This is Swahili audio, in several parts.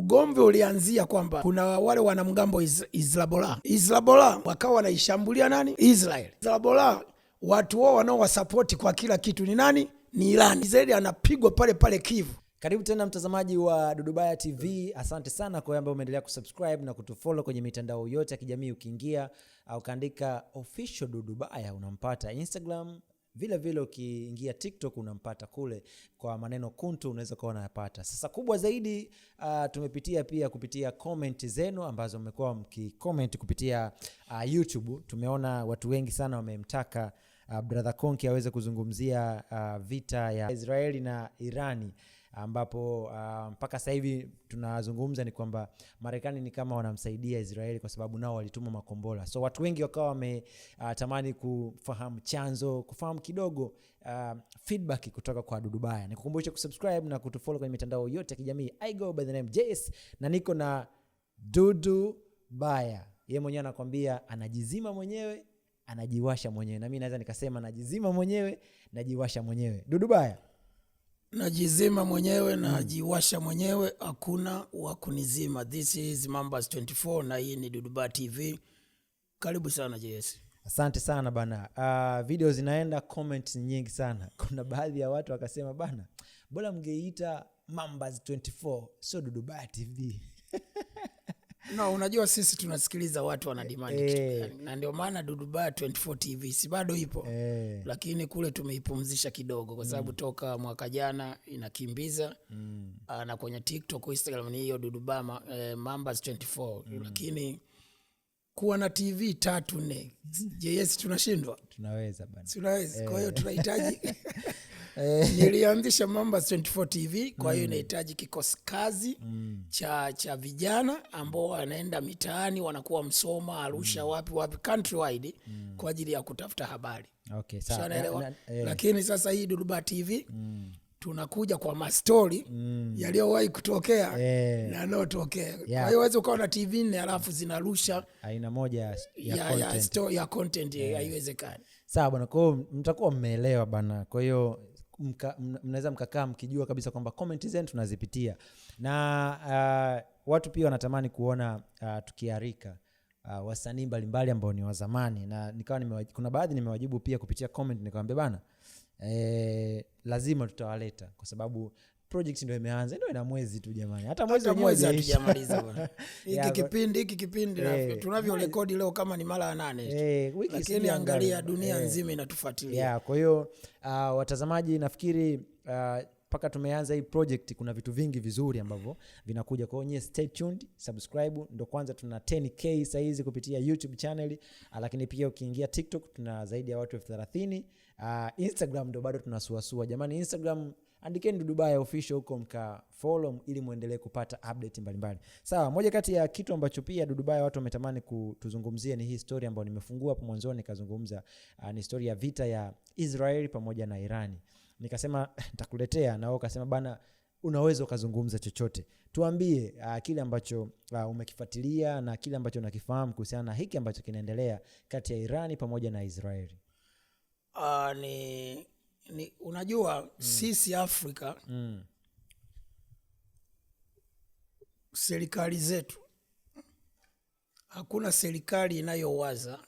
Ugomvi ulianzia kwamba kuna wale wanamgambo iz, Islabola wakawa wanaishambulia nani Israel. Islabola watu wao wanaowasapoti kwa kila kitu ni nani? Ni Irani. Israeli anapigwa pale pale Kivu. Karibu tena mtazamaji wa Dudubaya TV, asante sana kwa ambaye umeendelea kusubscribe na kutufollow kwenye mitandao yote ya kijamii. Ukiingia ukaandika official Dudubaya unampata Instagram vile vile ukiingia TikTok unampata kule kwa maneno kuntu, unaweza kuwa unayapata. Sasa kubwa zaidi uh, tumepitia pia kupitia koment zenu ambazo mmekuwa mkikoment kupitia uh, YouTube. Tumeona watu wengi sana wamemtaka uh, brother Konki aweze kuzungumzia uh, vita ya Israeli na Irani ambapo uh, mpaka sasa hivi tunazungumza ni kwamba Marekani ni kama wanamsaidia Israeli kwa sababu nao walituma makombola so watu wengi wakawa wametamani ah, uh, kufahamu chanzo, kufahamu kidogo uh, feedback kutoka kwa Dudubaya. Nikukumbusha kusubscribe na kutufollow kwenye mitandao yote ya kijamii. I go by the name JS na niko na Dudu Baya, yeye mwenyewe anakwambia anajizima mwenyewe anajiwasha mwenyewe, na mimi naweza nikasema najizima mwenyewe najiwasha mwenyewe. Dudu Baya najizima mwenyewe najiwasha mwenyewe, hakuna wa kunizima. This is Mambas 24 na hii ni Duduba TV. Karibu sana JS. Asante sana bana. Uh, video zinaenda comment nyingi sana. Kuna baadhi ya watu wakasema bana, bola mgeita Mambas 24 sio Duduba TV No, unajua sisi tunasikiliza watu wana demand hey. Eh. Na ndio maana Dudubaya 24 TV si bado ipo hey. Eh. Lakini kule tumeipumzisha kidogo kwa sababu mm. toka mwaka jana inakimbiza mm. Ah, na kwenye TikTok, Instagram ni hiyo Dudubaya eh, Mambas 24 mm. lakini kuwa na TV tatu nne mm. JS tunashindwa, tunaweza bana, tunaweza Kwa hiyo eh. tunahitaji Eh. nilianzisha Mamba 24 TV, kwa hiyo mm. inahitaji kikosi kazi mm. cha, cha vijana ambao wanaenda mitaani wanakuwa Msoma, Arusha mm. wapi wapi countrywide mm. kwa ajili ya kutafuta habari okay, sa, na, na, eh. Lakini sasa hii Duluba TV mm tunakuja kwa mastori mm. yaliyowahi kutokea yeah. na yanayotokea yeah. Kwa hiyo wezi ukawa na TV nne alafu zinarusha aina moja ya, ya, ya, ya, ya content eh. haiwezekani. Sawa bwana, kwa hiyo mtakuwa mmeelewa bwana, kwa hiyo mka, mnaweza mkakaa mkijua kabisa kwamba comment zenu tunazipitia na uh, watu pia wanatamani kuona uh, tukiarika uh, wasanii mbalimbali ambao ni wazamani na nikawa kuna baadhi nimewajibu pia kupitia comment nikawambia bana, E, lazima tutawaleta kwa sababu project ndo imeanza ndo ina mwezi tu jamani hata mwezi mwezi hatujamaliza bwana hiki kipindi hiki kipindi hey, eh. tunavyorekodi leo kama ni mara ya nane eh, lakini angalia dunia eh. nzima inatufuatilia yeah, kwa hiyo uh, watazamaji nafikiri uh, mpaka tumeanza hii project kuna vitu vingi vizuri ambavyo vinakuja kwa nyie stay tuned subscribe ndo kwanza tuna 10k sahizi kupitia youtube channel ah, lakini pia ukiingia tiktok tuna zaidi ya watu elfu thelathini uh, instagram ndo bado tunasuasua jamani instagram andikeni dudubaya Baya huko mka follow ili muendelee kupata update mbalimbali. Sawa, moja kati ya kitu ambacho pia Dudu Baya watu wametamani kutuzungumzia ni hii story ambayo nimefungua hapo mwanzo nikazungumza, uh, ni story ya vita ya Israeli pamoja na Irani. Nikasema nitakuletea na wao kasema bana unaweza ukazungumza chochote, tuambie uh, kile ambacho uh, umekifuatilia na kile ambacho unakifahamu kuhusiana na hiki ambacho kinaendelea kati ya Irani pamoja na Israeli. Uh, ni ni, unajua mm. sisi Afrika mm. serikali zetu, hakuna serikali inayowaza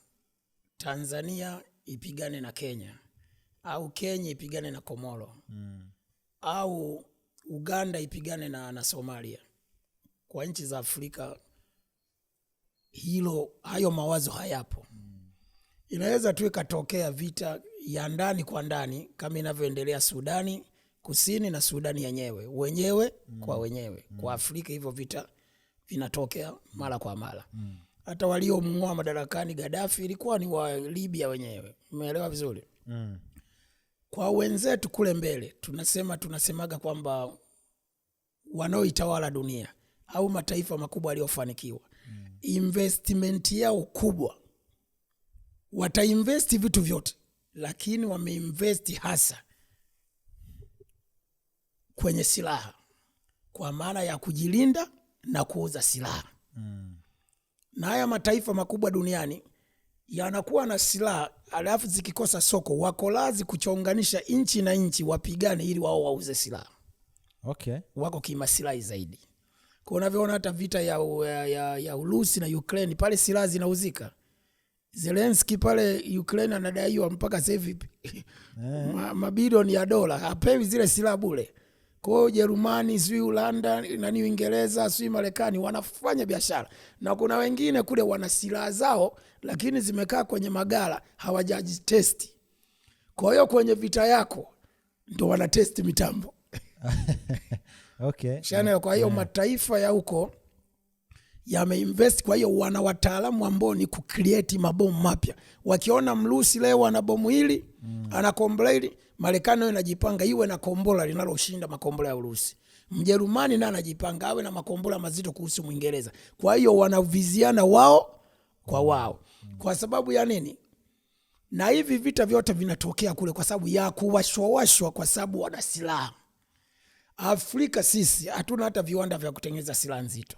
Tanzania ipigane na Kenya au Kenya ipigane na Komoro mm. au Uganda ipigane na, na Somalia. Kwa nchi za Afrika hilo hayo mawazo hayapo mm. Inaweza tu ikatokea vita ya ndani kwa ndani kama inavyoendelea Sudani Kusini na Sudani yenyewe wenyewe mm. kwa wenyewe mm. kwa Afrika hivyo vita vinatokea mara kwa mara mm. hata waliomng'oa madarakani Gaddafi ilikuwa ni wa Libya wenyewe, umeelewa vizuri mm. kwa wenzetu kule mbele, tunasema tunasemaga kwamba wanaoitawala dunia au mataifa makubwa yaliyofanikiwa mm. investment yao kubwa watainvesti vitu vyote lakini wameinvesti hasa kwenye silaha kwa maana ya kujilinda na kuuza silaha mm. Na haya mataifa makubwa duniani yanakuwa na silaha alafu zikikosa soko wakolazi kuchonganisha nchi na nchi wapigane ili wao wauze silaha. Okay. Wako kimasilahi zaidi. Kwa unavyoona hata vita ya, ya, ya, ya Urusi na Ukraine pale silaha zinauzika Zelenski pale Ukraine anadaiwa mpaka sasa hivi yeah. mabilioni ya dola, hapewi zile silaha bure. Kwa hiyo Ujerumani, sijui Ulanda nani, Uingereza, sijui Marekani wanafanya biashara, na kuna wengine kule wana silaha zao, lakini zimekaa kwenye magala hawajajitesti. Kwa hiyo kwenye vita yako ndo wanatesti mitambo okay. Shana, kwa hiyo yeah. mataifa ya huko yameinvest. Kwa hiyo wana wataalamu ambao ni kucreate mabomu mapya. Wakiona mrusi leo ana bomu hili mm. ana kombora hili, Marekani nayo inajipanga iwe na kombora linaloshinda makombora ya Urusi. Mjerumani naye anajipanga awe na makombora mazito kuhusu Mwingereza. Kwa hiyo wanaviziana wao kwa wao, kwa sababu ya nini? Na hivi vita vyote vinatokea kule kwa sababu ya kuwashwawashwa, kwa sababu wana silaha. Afrika sisi hatuna hata viwanda vya kutengeneza silaha nzito.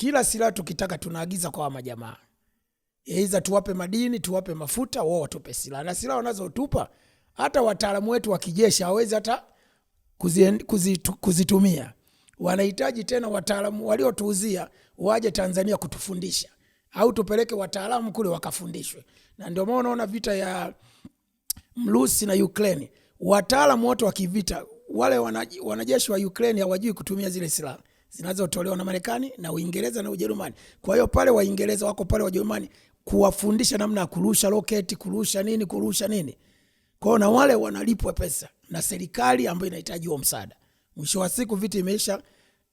Kila silaha tukitaka tunaagiza kwa majamaa, aidha tuwape madini, tuwape mafuta, wao watupe silaha. Na silaha wanazotupa hata wataalamu wetu wa kijeshi hawezi hata kuzitumia. Wanahitaji tena wataalamu waliotuuzia waje Tanzania kutufundisha au tupeleke wataalamu kule wakafundishwe. Na ndio maana unaona vita ya Mrusi na Ukraine, wataalamu wote wa kivita wale wanajeshi wa Ukraine hawajui kutumia zile silaha zinazotolewa na Marekani na Uingereza na Ujerumani. Kwa hiyo pale Waingereza wako pale Wajerumani kuwafundisha namna ya kurusha roketi, kurusha nini, kurusha nini. Kwa na wale wanalipwa pesa na serikali ambayo inahitaji huo msaada. Mwisho wa siku vita imeisha,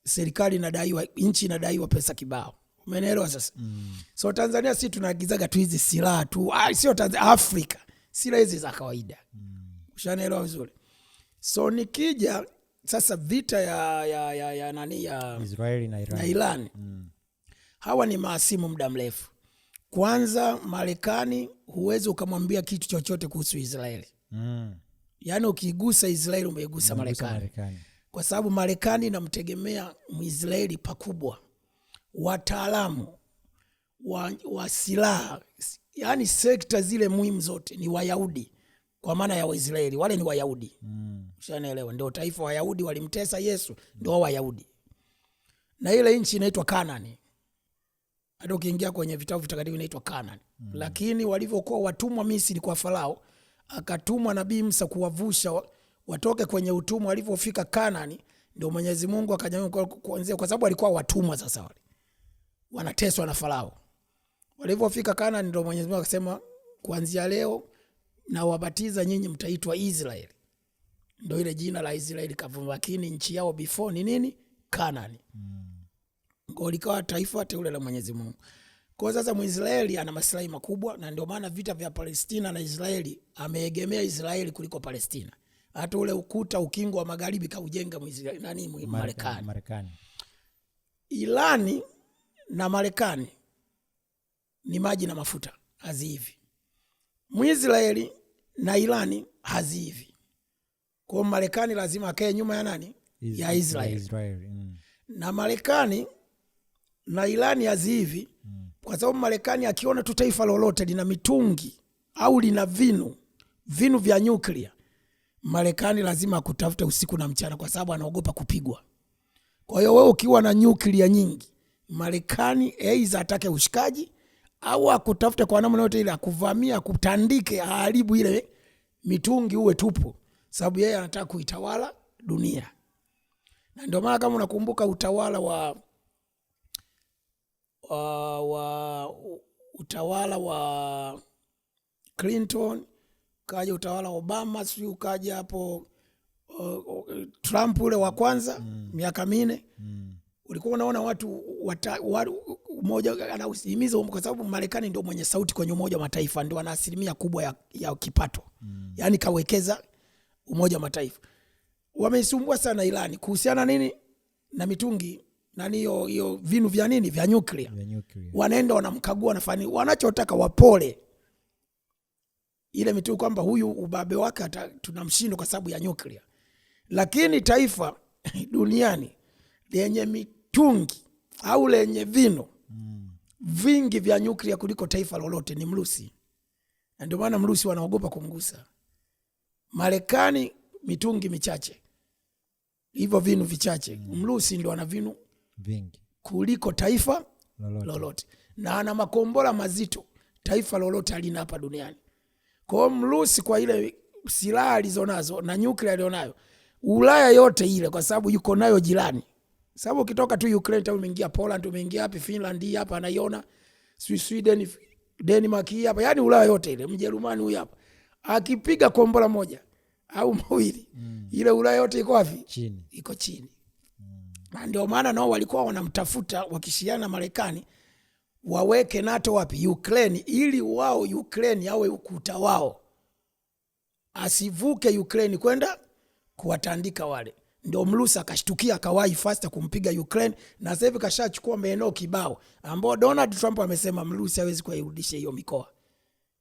serikali inadaiwa, nchi inadaiwa pesa kibao. Umeelewa sasa? Mm. So Tanzania si tunaagizaga tu hizi silaha tu, ah, sio Tanzania, Afrika. Silaha hizi za kawaida. Mm. Ushanielewa vizuri. So nikija sasa vita ya, ya, ya, ya, nani ya Israeli na Iran, na Iran. Mm. Hawa ni maasimu muda mrefu. Kwanza Marekani huwezi ukamwambia kitu chochote kuhusu Israeli mm. Yaani ukiigusa Israeli umeigusa Marekani, kwa sababu Marekani inamtegemea Mwisraeli pakubwa, wataalamu wa, wa silaha, yaani sekta zile muhimu zote ni Wayahudi kwa maana ya Waisraeli wale ni Wayahudi mm. Ushanielewa, ndio taifa Wayahudi walimtesa Yesu, ndio Wayahudi na ile nchi inaitwa Kanani, hata ukiingia kwenye vitabu vitakatifu inaitwa Kanani mm. Lakini walivyokuwa watumwa Misri kwa Farao, akatumwa nabii Musa kuwavusha watoke kwenye utumwa. Walivyofika Kanani, ndio Mwenyezi Mungu akajaribu kuanzia, kwa sababu walikuwa watumwa sasa, wale wanateswa na Farao. Walivyofika Kanani, ndio Mwenyezi Mungu akasema kuanzia leo nawabatiza nyinyi mtaitwa Israeli. ndo ile jina la Israeli kavuma, lakini nchi yao before ni nini? Kanani. Ngo hmm. likawa taifa teule la Mwenyezi Mungu. Kwa sasa Mwisraeli ana maslahi makubwa, na ndio maana vita vya Palestina na Israeli ameegemea Israeli kuliko Palestina. Hata ule ukuta ukingo wa magharibi kaujenga Mwisraeli nani, Marekani. Marekani, Irani na Marekani ni maji na mafuta, haziivi Mwisraeli na Irani haziivi. Kwa Marekani lazima akae nyuma ya nani? Is, ya Israeli, Israel. Mm. Na Marekani na Irani haziivi mm. Kwa sababu Marekani akiona tu taifa lolote lina mitungi au lina vinu vinu vya nyuklia, Marekani lazima akutafute usiku na mchana, kwa sababu anaogopa kupigwa. Kwa hiyo wewe ukiwa na nyuklia nyingi, Marekani aidha atake ushikaji au akutafute kwa namna yote ile, akuvamia, akutandike, aharibu ile mitungi, uwe tupu, sababu yeye anataka kuitawala dunia. Na ndio maana kama unakumbuka utawala wa, wa, wa utawala wa Clinton kaja utawala wa Obama, si ukaja hapo uh, Trump ule wa kwanza mm. miaka minne mm. ulikuwa unaona watu, wa, umoja anauhimiza kwa sababu Marekani ndio mwenye sauti kwenye Umoja wa Mataifa, ndio ana asilimia kubwa ya, ya kipato mm. Yaani kawekeza Umoja wa Mataifa. Wameisumbua sana Irani kuhusiana nini na mitungi nani hiyo hiyo vinu vya nini vya nyuklia, wanaenda wanamkagua, wanafani wanachotaka wapole ile mitungi kwamba huyu ubabe wake tunamshinda kwa sababu ya nyuklia, lakini taifa duniani lenye mitungi au lenye vinu mm. vingi vya nyuklia kuliko taifa lolote ni Mrusi, na ndio maana Mrusi wanaogopa kumgusa. Marekani mitungi michache, hivyo vinu vichache mm. Mrusi ndio ana vinu vingi kuliko taifa lolote, lolote. na ana makombora mazito taifa lolote alina hapa duniani. Kwa hiyo Mrusi kwa ile silaha alizonazo na nyuklia alionayo Ulaya yote ile, kwa sababu yuko nayo jirani Sababu ukitoka tu Ukraine umeingia Poland, umeingia hapa Finland, hii hapa anaiona Sweden, Denmark hii hapa, yani Ulaya yote ile, Mjerumani huyu hapa akipiga kombora moja au mawili mm. ile Ulaya yote iko wapi? Chini, iko chini mm. na ndio maana nao walikuwa wanamtafuta wakishiana na Marekani waweke NATO wapi? Ukraine, ili wao Ukraine awe ukuta wao, asivuke Ukraine kwenda kuwatandika wale Ndo Mrusi akashtukia akawahi fast kumpiga Ukraine na sasa hivi kashachukua maeneo kibao ambao Donald Trump amesema Mrusi hawezi kuirudisha hiyo mikoa.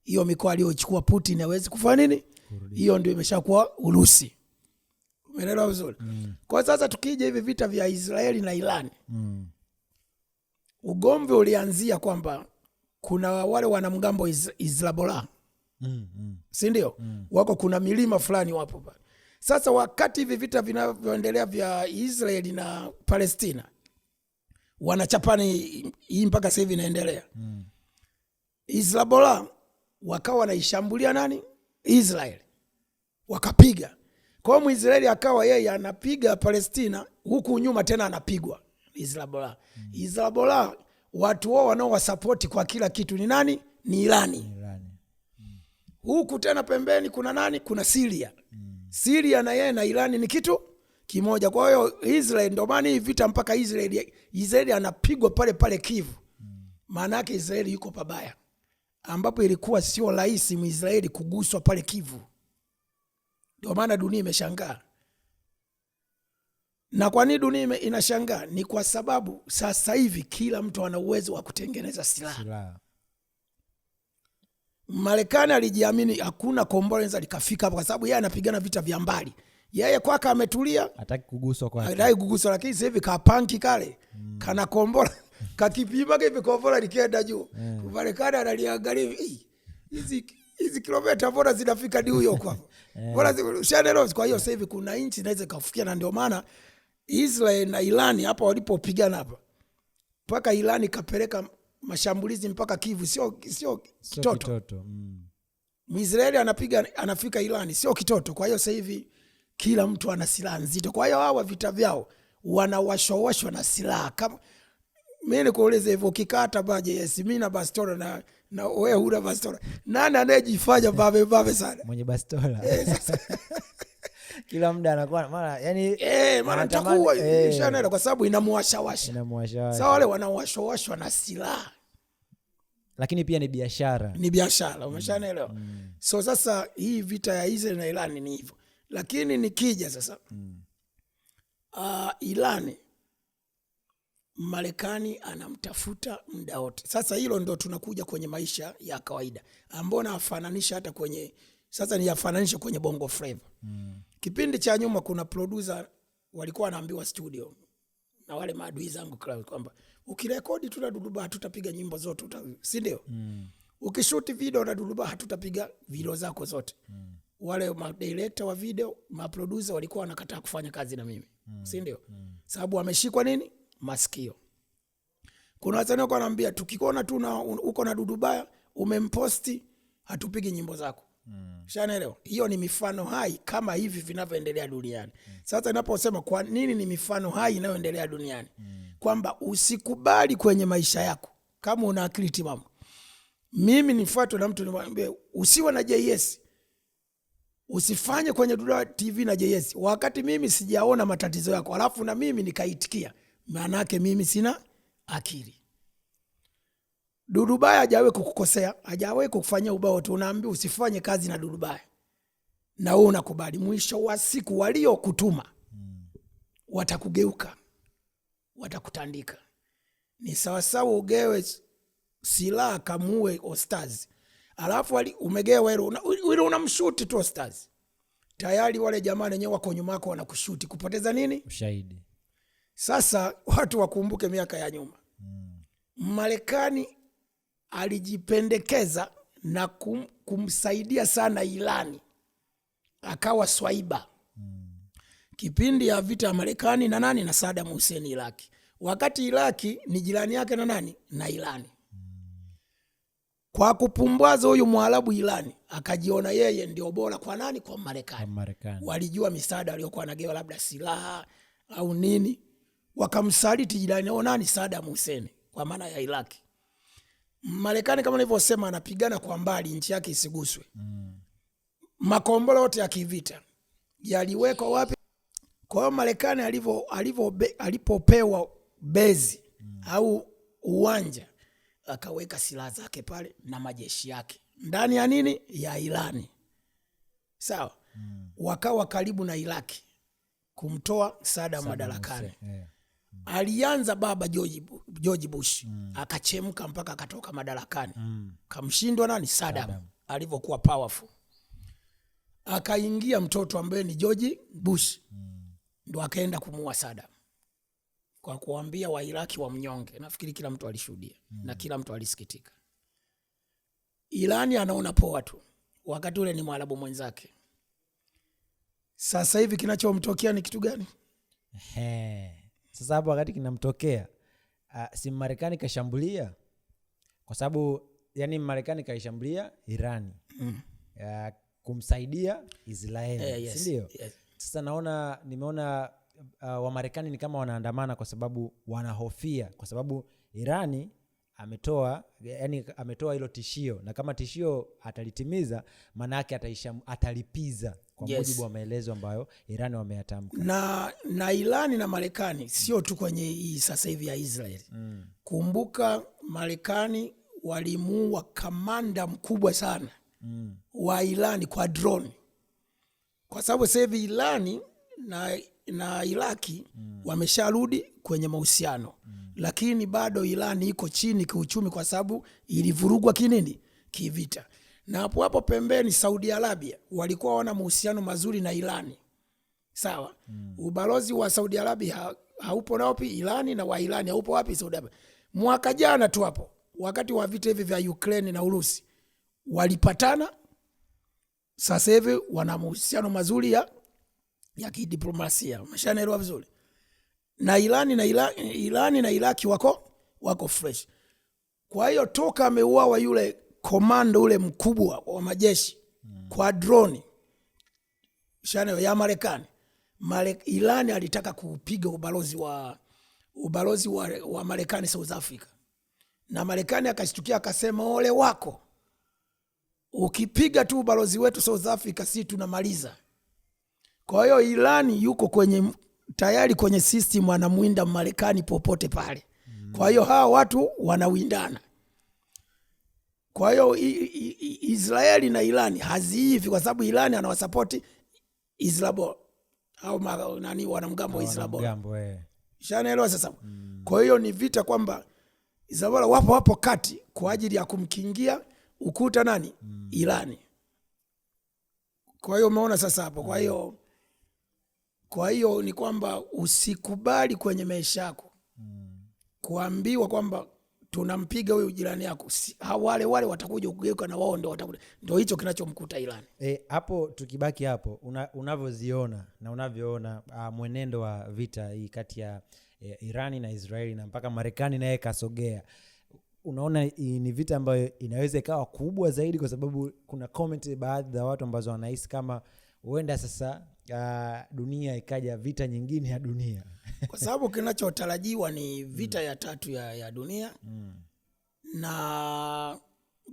Hiyo mikoa aliyochukua Putin hawezi kufanya nini? Hiyo ndio imeshakuwa Urusi. Umeelewa vizuri? Mm. Kwa sasa tukija hivi vita vya Israeli na Iran. Mm. Ugomvi ulianzia kwamba kuna wale wanamgambo Hezbollah. Mm. Mm. Si ndio? Mm. Wako kuna milima fulani wapo pale. Sasa wakati hivi vita vinavyoendelea vya Israeli na Palestina wanachapani hii mpaka sasa hivi inaendelea mm. Hezbollah wakawa wanaishambulia nani Israeli, wakapiga. Kwa hiyo Mwisraeli akawa yeye anapiga Palestina, huku nyuma tena anapigwa Hezbollah. Mm. mm. watu wao wanaowasapoti kwa kila kitu ni nani? Ni Irani. Irani. Mm. Huku tena pembeni kuna nani? Kuna Siria Siria na yeye na Irani ni kitu kimoja. Kwa hiyo Israel, ndio maana hii vita mpaka Israel, Israel anapigwa pale pale Kivu. Maana yake Israeli yuko pabaya, ambapo ilikuwa sio rahisi Mwisraeli kuguswa pale Kivu. Ndio maana dunia imeshangaa. Na kwa nini dunia inashangaa? Ni kwa sababu sasa hivi kila mtu ana uwezo wa kutengeneza silaha. Marekani alijiamini, hakuna kombora linaweza likafika hapo, kwa sababu yeye anapigana vita vya mbali. Yeye kwake ametulia, hataki kuguswa kwake, hataki kuguswa. Lakini sasa hivi kapanki kale mm. kana kombora kakipima hivi, kombora likienda juu yeah. Marekani analiangalia hivi, hizi hizi kilomita mbona zinafika New York hapo eh. mbona yeah. Kwa hiyo sasa hivi kuna inchi inaweza kufikia, na ndio maana Israel na Irani hapa walipopigana hapa mpaka Irani kapeleka mashambulizi mpaka Kivu, sio sio kitoto, kitoto. Mm. Mwisraeli anapiga anafika Irani, sio kitoto. Kwa hiyo sasa hivi kila mtu ana silaha nzito, kwa hiyo hawa vita vyao wanawashowashwa na silaha kama mi nikuulize hivyo, kikata baje yes, mi na bastola na na wewe huna bastola, nani anayejifanya babe babe sana mwenye bastola eh, sasa kila mda anakuwa mara yani eh, mara nitakuwa eh. nishanaenda kwa sababu inamuwashawasha, inamuwashawasha sawa, wale wanawashawashwa na silaha, lakini pia ni biashara, ni biashara, umeshanaelewa mm, mm. So sasa hii vita ya Israel na Iran ni hivyo, lakini nikija sasa mm. uh, ah, Irani Marekani anamtafuta muda wote. Sasa hilo ndo tunakuja kwenye maisha ya kawaida ambao ah, nafananisha hata kwenye sasa niyafananishe kwenye Bongo Flava mm. Kipindi cha nyuma kuna producer walikuwa wanaambiwa studio na wale maadui zangu kwamba ukirekodi tu na Duduba hatutapiga nyimbo zote, uta, si ndio? Mm. Ukishuti video na Duduba hatutapiga video zako zote. Mm. Wale madirekta wa video, maproducer walikuwa wanakataa kufanya kazi na mimi. Mm. Si ndio? Mm. Sababu wameshikwa nini? Masikio. Kuna wasanii wanaambia tukikuona tu na uko na Dudubaya umemposti hatupigi nyimbo zako. Mm. Shanaelewa? Hiyo ni mifano hai kama hivi vinavyoendelea duniani. Mm. Sasa ninaposema kwa nini ni mifano hai inayoendelea duniani? Mm. Kwamba usikubali kwenye maisha yako kama una akili timamu. Mimi nifuatwe na mtu nimwambie usiwe na JS. Usifanye kwenye Duda TV na JS wakati mimi sijaona matatizo yako, alafu na mimi nikaitikia, maana yake mimi sina akili. Dudubaya hajawahi kukukosea, hajawahi kukufanyia ubaya tu. Unaambiwa usifanye kazi na Dudubaya na wewe unakubali. Mwisho wa siku waliokutuma watakugeuka, watakutandika. Ni sawasawa ugewe silaha kamue Ostaz, alafu umegewa ile unamshuti tu Ostaz, tayari wale jamaa wenyewe wako nyuma yako wanakushuti. Kupoteza nini? Ushahidi. Sasa watu wakumbuke miaka ya nyuma hmm. Marekani alijipendekeza na kum, kumsaidia sana Irani, akawa swaiba mm. kipindi ya vita ya Marekani na nani na Saddam Hussein Iraki, wakati Iraki ni jirani yake na nani na Irani kwa kupumbwaza huyu Mwarabu Irani akajiona yeye ndio bora kwa nani? Kwa Marekani. Walijua misaada aliyokuwa nagewa labda silaha au nini, wakamsaliti jirani yao nani? Saddam Hussein, kwa maana ya Iraki. Marekani kama nilivyosema, anapigana kwa mbali, nchi yake isiguswe. mm. makombora yote ya kivita yaliwekwa wapi? Kwa hiyo Marekani alivyo alivyo alipopewa bezi mm. au uwanja akaweka silaha zake pale na majeshi yake ndani ya nini ya Irani, sawa mm. wakawa karibu na Iraki kumtoa Saddam madarakani yeah mm. alianza baba George, George Bush mm. akachemka mpaka akatoka madarakani mm. kamshindwa nani Saddam, Saddam. alivyokuwa powerful akaingia mtoto ambaye ni George Bush mm. ndo akaenda kumuua Saddam kwa kuambia Wairaki wa mnyonge. Nafikiri kila mtu alishuhudia mm. na kila mtu alisikitika. Irani anaona poa tu, wakati ule ni mwarabu mwenzake. Sasa hivi kinachomtokea ni kitu gani? He. Sasa hapo wakati kinamtokea uh, si Marekani kashambulia kwa sababu yani Marekani kaishambulia Irani mm. uh, kumsaidia Israeli eh, yes, sindio? Yes. Sasa naona nimeona uh, Wamarekani ni kama wanaandamana kwa sababu wanahofia, kwa sababu Irani ametoa yani, ametoa hilo tishio, na kama tishio atalitimiza maana yake atalipiza kwa yes, mujibu wa maelezo ambayo Iran wameyatamka na, na Irani na Marekani sio tu kwenye hii sasa hivi ya Israel mm. Kumbuka Marekani walimuua kamanda mkubwa sana mm. wa Irani kwa droni kwa sababu sasa hivi Irani na, na Iraki mm. wamesharudi kwenye mahusiano mm. lakini bado Irani iko chini kiuchumi, kwa sababu ilivurugwa kinini kivita na hapo hapo pembeni Saudi Arabia walikuwa wana mahusiano mazuri na Irani, sawa mm. Ubalozi wa Saudi Arabia ha, haupo nao pia Irani, na wa Irani haupo wapi? Saudi Arabia. Mwaka jana tu hapo, wakati wa vita hivi vya Ukraine na Urusi walipatana, sasa hivi wana mahusiano mazuri ya ya kidiplomasia, umeshaelewa vizuri na Irani na Irani, Irani na Iraki wako wako fresh. Kwa hiyo toka ameuawa yule komando ule mkubwa wa majeshi mm. kwa droni shanayo ya Marekani Mare, Irani alitaka kupiga ubalozi wa ubalozi wa, wa Marekani South Africa, na Marekani akashtukia akasema, ole wako ukipiga tu ubalozi wetu South Africa, si tunamaliza. Kwa hiyo Irani yuko kwenye tayari kwenye system, anamwinda Marekani popote pale. Kwa hiyo hawa watu wanawindana kwa hiyo Israeli na Irani haziivi kwa sababu Irani anawasapoti Islabol au nani wanamgambo wa Islabol eh. shanaelewa sasa. Mm. Kwa hiyo ni vita kwamba Islabol wapo wapo kati kwa ajili ya kumkingia ukuta nani? Mm. Irani. Kwa hiyo umeona sasa hapo. Kwa mm. hiyo kwa hiyo ni kwamba usikubali kwenye maisha yako mm. kuambiwa kwamba tunampiga huyu jirani yako, wale wale watakuja kugeuka na wao ndo watakuja. Ndo hicho kinachomkuta E, hapo. tukibaki hapo una, unavyoziona na unavyoona uh, mwenendo wa vita hii kati ya uh, Irani na Israeli na mpaka Marekani naye kasogea unaona ni vita ambayo inaweza ikawa kubwa zaidi, kwa sababu kuna comment baadhi za watu ambazo wanahisi kama huenda sasa uh, dunia ikaja vita nyingine ya dunia kwa sababu kinachotarajiwa ni vita ya tatu ya, ya dunia mm. na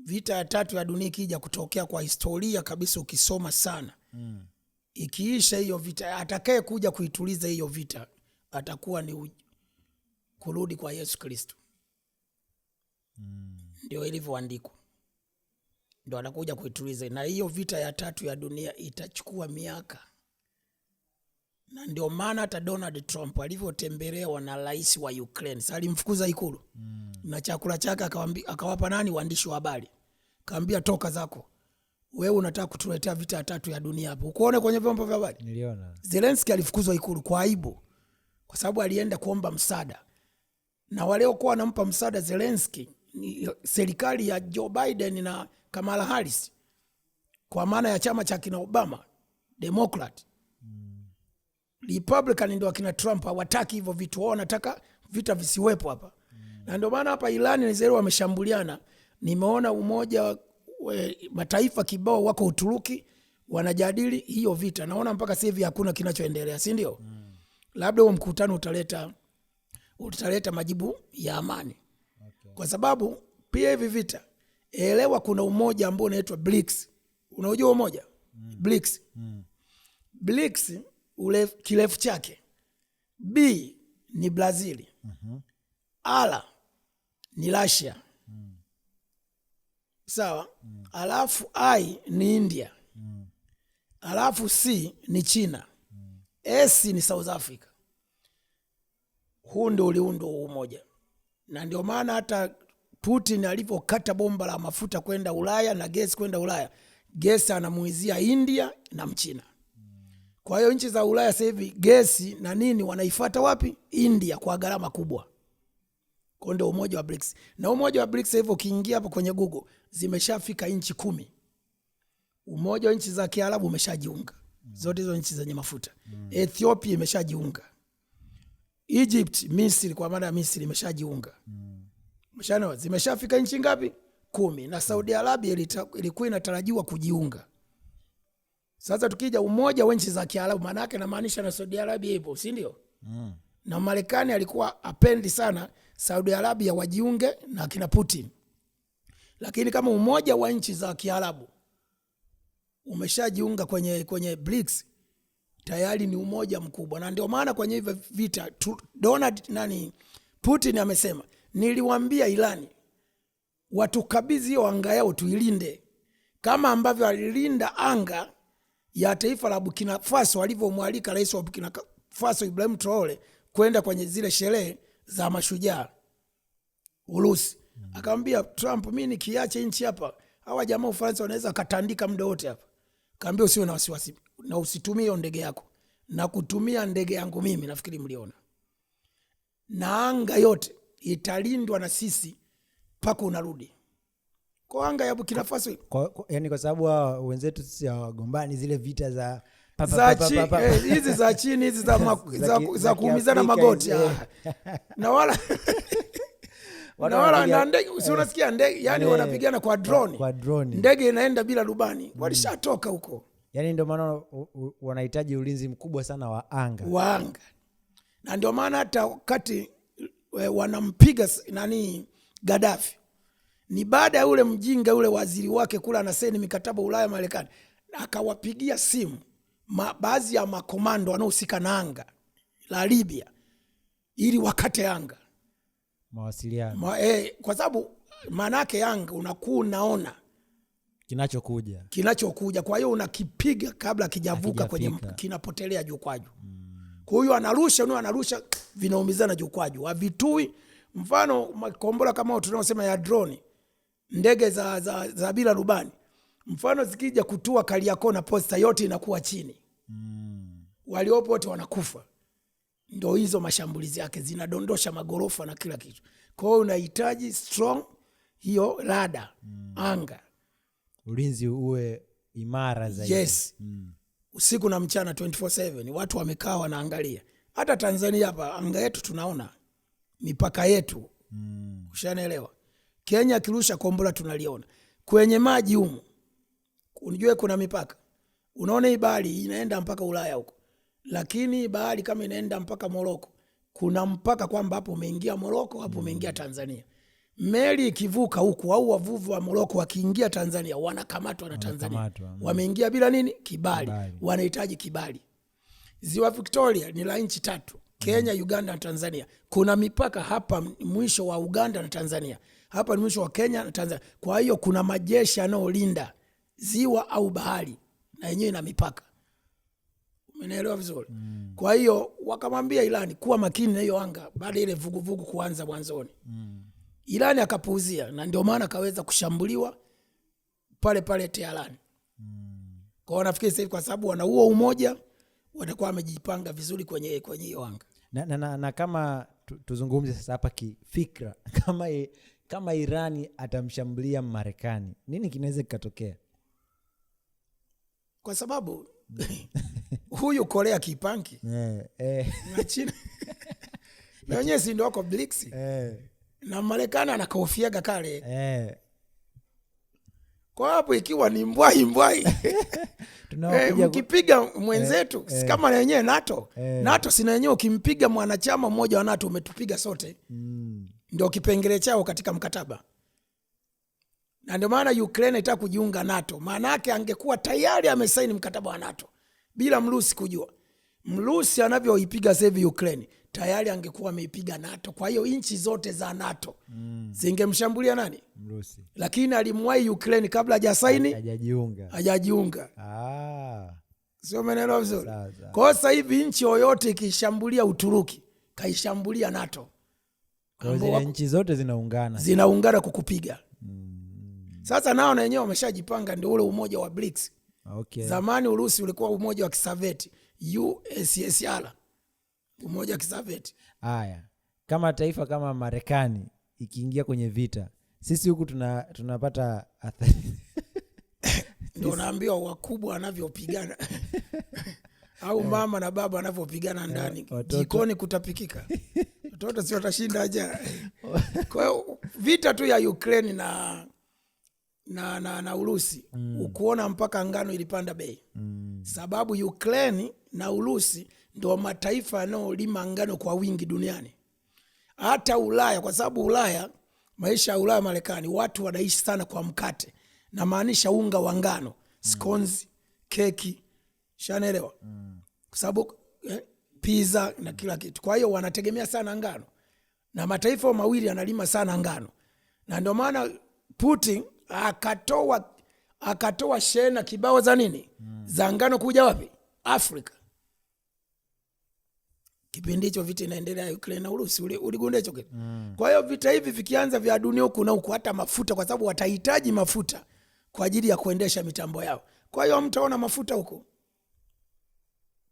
vita ya tatu ya dunia ikija kutokea kwa historia kabisa, ukisoma sana mm. ikiisha hiyo vita, atakaye kuja kuituliza hiyo vita atakuwa ni u... kurudi kwa Yesu Kristo mm. ndio ilivyoandikwa, ndo anakuja kuituliza, na hiyo vita ya tatu ya dunia itachukua miaka na ndio maana hata Donald Trump alivyotembelewa na rais wa Ukraine salimfukuza Ikulu mm. na chakula chake akawapa nani? Waandishi wa habari, kaambia toka zako wewe, unataka kutuletea vita ya tatu ya dunia hapo. Ukuone kwenye vyombo vya habari, niliona Zelensky alifukuzwa Ikulu kwa aibu, kwa sababu alienda kuomba msaada, na waliokuwa wanampa msaada Zelensky ni serikali ya Joe Biden na Kamala Harris, kwa maana ya chama cha kina Obama Democrat Republican ndio akina Trump hawataki hivyo vitu, wao wanataka vita visiwepo hapa mm. na ndio maana hapa Iran na Israel wameshambuliana. Nimeona Umoja we, Mataifa kibao wako Uturuki wanajadili hiyo vita. Naona mpaka sasa hivi hakuna kinachoendelea, si ndio? mm. labda huo mkutano utaleta utaleta majibu ya amani okay. kwa sababu pia hivi vita elewa, kuna umoja ambao unaitwa BRICS. Unaujua umoja mm. BRICS mm. BRICS urefu, kirefu chake. B ni Brazili. mm-hmm. R ni rasia mm. Sawa. mm. Alafu I ni India. mm. Alafu C ni China. mm. S ni South Africa. Huu ndio uliundo huu moja, na ndio maana hata Putin alivyokata bomba la mafuta kwenda Ulaya na gesi kwenda Ulaya, gesi anamuizia India na Mchina. Kwa hiyo nchi za Ulaya sasa hivi gesi na nini wanaifuata wapi? India kwa gharama kubwa. Kwa ndio umoja wa BRICS. Na umoja wa BRICS hivyo ukiingia hapo kwenye Google zimeshafika nchi kumi. Umoja wa nchi za Kiarabu umeshajiunga. Zote hizo nchi zenye mafuta. Mm. Ethiopia imeshajiunga. Egypt, Misri kwa maana ya Misri imeshajiunga. Mshana mm. zimeshafika nchi ngapi? Kumi. Na Saudi Arabia ilikuwa inatarajiwa kujiunga. Mm. Sasa tukija umoja wa nchi za Kiarabu, maana yake namaanisha na Saudi Arabia ipo, si ndio? Mm. Na Marekani alikuwa apendi sana Saudi Arabia wajiunge na kina Putin, lakini kama umoja wa nchi za Kiarabu umeshajiunga kwenye, kwenye BRICS tayari ni umoja mkubwa, na ndio maana kwenye hivyo vita tu, Donald nani Putin amesema niliwambia Irani watukabidhi hiyo anga yao tuilinde, kama ambavyo alilinda anga ya taifa la Burkina Faso alivyomwalika rais wa Burkina Faso Ibrahim Traore kwenda kwenye zile sherehe za mashujaa Urusi. Mm Akamwambia Trump, mimi nikiacha nchi hapa hawa jamaa Ufaransa wanaweza katandika muda wote hapa. Kaambia usiwe na wasiwasi na usitumie hiyo ndege yako na kutumia ndege yangu mimi, nafikiri mliona, na anga yote italindwa na sisi mpaka unarudi kwa anga ya Burkina Faso, yani kwa sababu wenzetu sisi hawagombani zile vita za eh, hizi za chini hizi za kuumizana magoti eh. ah. na wala eh. unasikia ndege yani wanapigana kwa droni, ndege inaenda bila rubani, mm. walishatoka huko. Yani ndio maana wanahitaji ulinzi mkubwa sana wa anga wa anga, na ndio maana hata wakati wanampiga nani Gaddafi ni baada ya ule mjinga ule waziri wake kule anasaini mikataba Ulaya, Marekani, akawapigia simu baadhi ya makomando wanaohusika na anga la Libya ili wakate anga mawasiliano Ma, eh, kwa sababu maana yake anga unakuu unaona kinachokuja kinachokuja, kwa hiyo unakipiga kabla kijavuka kwenye kinapotelea juu kwa juu mm. Kwa hiyo anarusha huyo anarusha, vinaumizana juu kwa juu, havitui. Mfano makombora kama tunaosema ya droni ndege za, za, za bila rubani mfano zikija kutua Kariakoo na Posta yote inakuwa chini mm. waliopo wote wanakufa. Ndo hizo mashambulizi yake zinadondosha magorofa na kila kitu. Kwa hiyo unahitaji strong hiyo rada mm. anga, ulinzi uwe imara zaidi. Yes. Mm. usiku na mchana 24/7 watu wamekaa wanaangalia. Hata Tanzania hapa anga yetu tunaona mipaka yetu mm. ushanaelewa Kenya akirusha kombora tunaliona kwenye maji humo, unijue kuna mipaka. Unaona hii bahari inaenda mpaka Ulaya huko, lakini bahari kama inaenda mpaka Moroko, kuna mpaka kwamba hapo umeingia Moroko, hapo umeingia mm. Tanzania. Meli ikivuka huku au wavuvi wa Moroko wakiingia Tanzania wanakamatwa na Tanzania, mm. Wameingia bila nini? Kibali, kibali. Wanahitaji kibali. Ziwa Victoria ni la nchi tatu mm. Kenya, Uganda na Tanzania. Kuna mipaka hapa mwisho wa Uganda na Tanzania hapa ni mwisho wa Kenya na Tanzania. Kwa hiyo kuna majeshi yanayolinda ziwa au bahari na yenyewe ina mipaka. Umenielewa vizuri? Mm. Kwa hiyo wakamwambia Irani kuwa makini na hiyo anga baada ile vuguvugu kuanza mwanzoni. Mm. Irani akapuuzia na ndio maana akaweza kushambuliwa pale pale Teherani. Mm. Kwao nafikiri sahivi kwa sababu wana huo umoja watakuwa wamejipanga vizuri kwenye kwenye hiyo anga. Na, na, na, na kama tuzungumze sasa hapa kifikra kama kama Irani atamshambulia Marekani, nini kinaweza kikatokea? Kwa sababu huyu Korea kipanki yeah, eh. eh. na wenyewe si wako bli eh. na Marekani anakaofiaga kale eh. kwa hapo ikiwa ni mbwai mbwai ukipiga eh, mwenzetu eh, eh, kama na wenyewe NATO eh. NATO sina wenyewe, ukimpiga mwanachama mmoja wa NATO umetupiga sote mm ndio kipengele chao katika mkataba, na ndio maana Ukraine itaka kujiunga NATO. Maana yake angekuwa tayari amesaini mkataba wa NATO bila Mrusi kujua. Mrusi anavyoipiga sasa hivi Ukraine tayari angekuwa ameipiga NATO. Kwa hiyo nchi zote za NATO mm. zingemshambulia nani Mrusi, lakini alimwahi Ukraine kabla hajasaini hajajiunga, hajajiunga ah. Sio menelewa vizuri. Kwa hiyo sasa hivi nchi yoyote ikishambulia Uturuki kaishambulia NATO nchi zote zinaungana, zinaungana kukupiga mm. Sasa nao na wenyewe wameshajipanga, ndio ule umoja wa BRICS. Okay. Zamani Urusi ulikuwa umoja wa kisaveti USSR, umoja wa kisaveti. Haya, kama taifa kama Marekani ikiingia kwenye vita, sisi huku tuna, tunapata athari ndo naambiwa wakubwa wanavyopigana au mama na baba wanavyopigana ndani jikoni kutapikika watoto si watashinda aja Kwa hiyo vita tu ya Ukraine na na, na, na Urusi mm. ukuona mpaka ngano ilipanda bei mm. sababu Ukraine na Urusi ndo mataifa yanayolima ngano kwa wingi duniani, hata Ulaya, kwa sababu Ulaya, maisha ya Ulaya, Marekani, watu wanaishi sana kwa mkate, na maanisha unga wa ngano, mm. scones, keki, shanaelewa mm. kwa sababu eh, pizza na kila kitu. Kwa hiyo wanategemea sana ngano na mataifa mawili yanalima sana ngano, na ndio maana Putin akatoa akatoa shehena kibao za nini mm. za ngano kuja wapi Afrika. Kipindi hicho vita inaendelea Ukraine na Urusi, uligundua hicho kitu mm. Kwa hiyo vita hivi vikianza vya dunia huku na huku, hata mafuta, kwa sababu watahitaji mafuta kwa ajili ya kuendesha mitambo yao. Kwa hiyo mtaona mafuta huko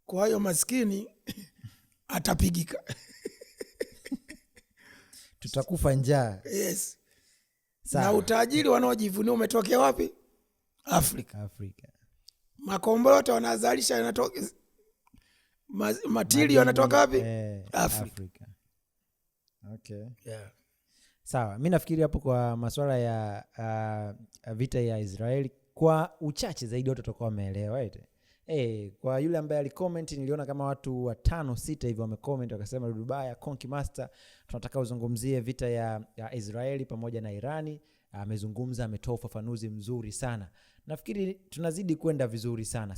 kwa hiyo maskini atapigika tutakufa njaa. Yes. Na utajiri wanaojivunia umetokea wapi? Afrika, Afrika. Makombo yote wanazalisha yanatoka matili yanatoka wapi? Eh, Afrika, Afrika. Okay. Yeah. Sawa, mi nafikiri hapo kwa masuala ya uh, vita ya Israeli kwa uchache zaidi watu watakuwa wameelewa eti Hey, eh, kwa yule ambaye alicomment niliona kama watu watano sita hivyo wamecomment wakasema, dudubaya Konki Master, tunataka uzungumzie vita ya, ya Israeli pamoja na Irani. Amezungumza, ametoa ufafanuzi mzuri sana. Nafikiri tunazidi kwenda vizuri sana.